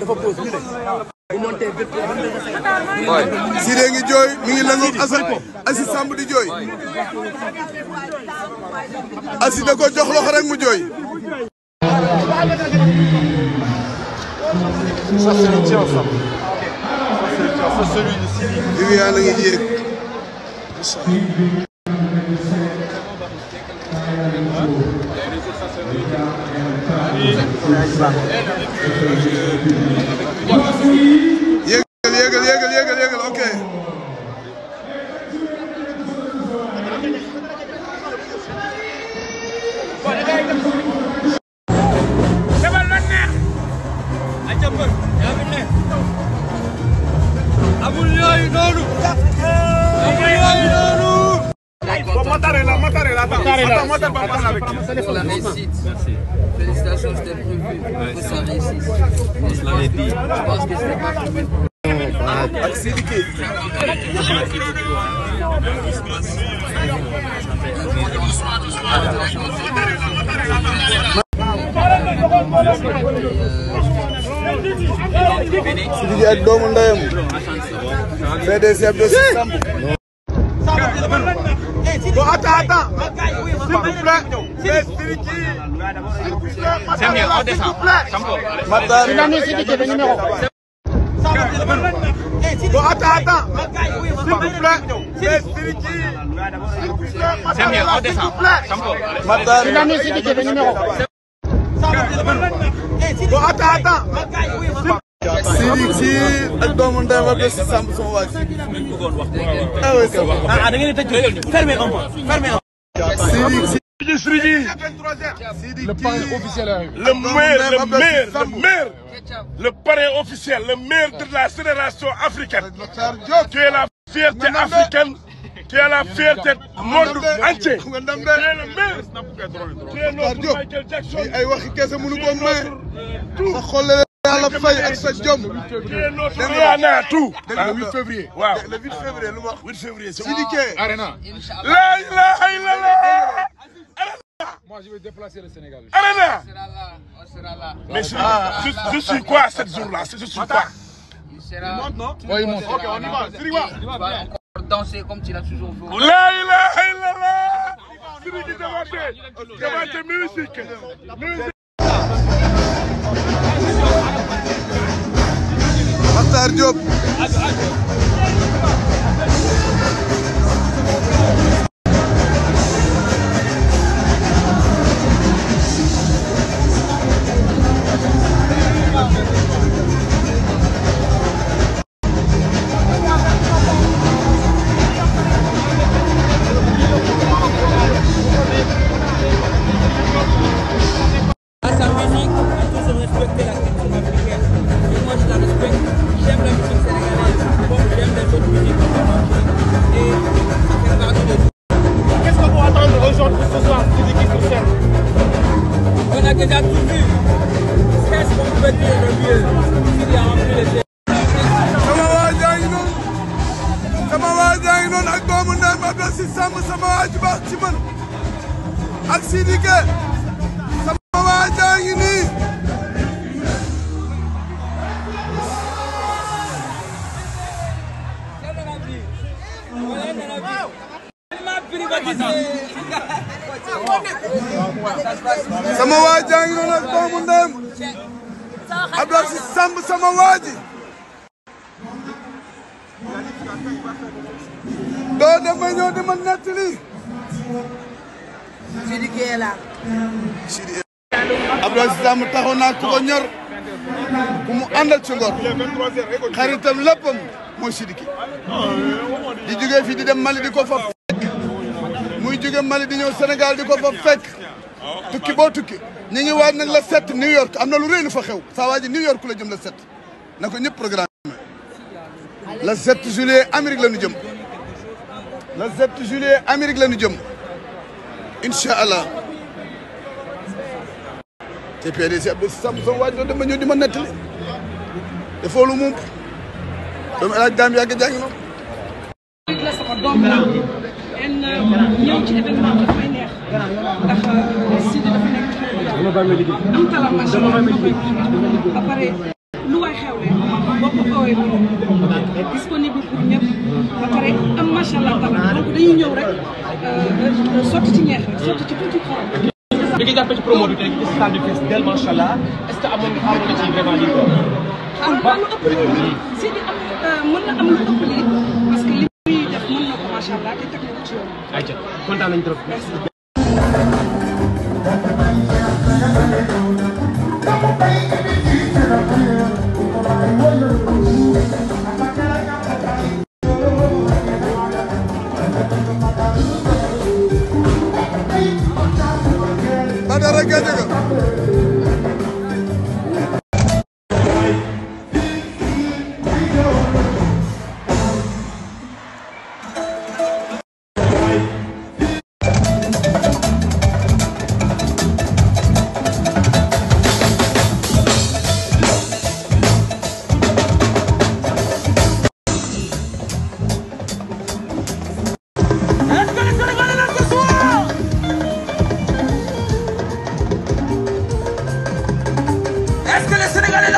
dafa pause ñu ngi jooy mi ngi nangu Assane Asi Samb di jooy. Asi da ko jox jooy. ça c'est ngi yéeg. Thank you. est là. Merci. Félicitations, c'était prévu. Que ça réussisse. Je l'avais dit. Je pense que c'était pas prévu. Ak Sidiki. Sidiki ak doomu ndeyam. FDC Abdou Samb. Bon, attends, attends. S'il vous plaît, S'il vous plaît, madame, s'il vous plaît. Madame, Bon, attends, attends. S'il vous plaît, S'il vous plaît, madame, s'il vous plaît. Madame, Bon, attends, attends. si si ak doomu Ndeye Ba des si Samb sama waa ji. ah oui ça va ah le parrain officiel le maire le maire le maire. officiel le maire de la génération africaine. tu es la fierté africaine. tu es la fierté monde le maire. tu es notre yàlla fay ak sa jom. na tout. le février. waaw le 8 février lu ma. 8 février c'est Arena. la ilaha je vais déplacer le Sénégal. Ah. je suis quoi ce jour-là quoi Il sera. Oui, il monte. OK, comme toujours fait. La ilaha illallah. Siri qui Matar Diop Abdou Aziz Samb sama waa doo dama ñëw di ma nettali Sidi Kéla Sidi Abdou Aziz Samb naa ko ñor ku mu àndal ci ngor xaritam léppam mooy di jógee fii di dem Mali di ko fa fekk muy jóge Mali di ñëw Sénégal di ko fa fekk tukki boo tukki ñu ngi waaj nag la sept New York am na lu rëy lu fa xew saa waa ji New York la jëm la sept na ko ñëpp programme la sept juillet Amérique la nu jëm la sept juillet Amérique la ñu jëm incha allah te PDC Abdou Samson waaj doo dama ñëw di ma nettali dafoo lu mump yàgg dama bàyyi ma liggéey. am talam macha allah dama bàyyi ma liggéey. ba pare lu waay xewle boo ko oowee mu ñëw disponible pour ñëpp ba pare am macha allah talam donc dañuy ñëw rek euh, sotti ci ñeex rek sotti ci tuuti xorom. bi nga jàppee ci promo bi tey gis stand bi fees del macha allah est ce que amoon nga amoon nga ci vraiment lii quoi. am ah, na lu ëpp lii si di am euh, mën na am lu ëpp lii parce que li muy def mën na ko macha allah te teg na ko ci yoon. ayca kontaan nañu trop.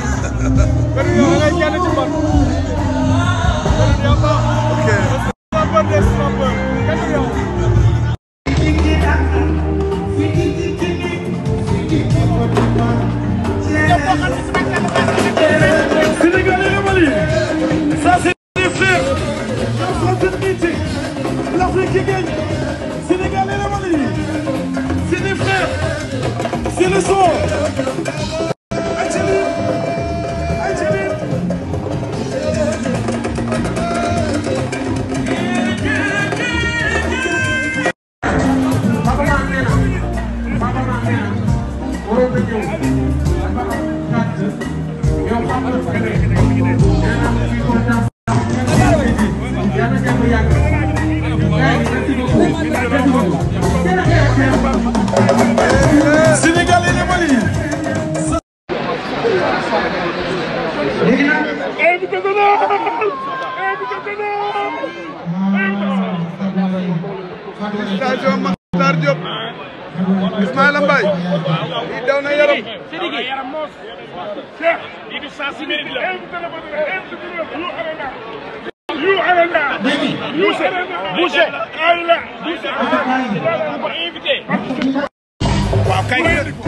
Bernard, Ismaïla Mbaye lii daw na yaram You are not. Baby. You said. Boucher. Ayla. Boucher. Invité. Waaw kay.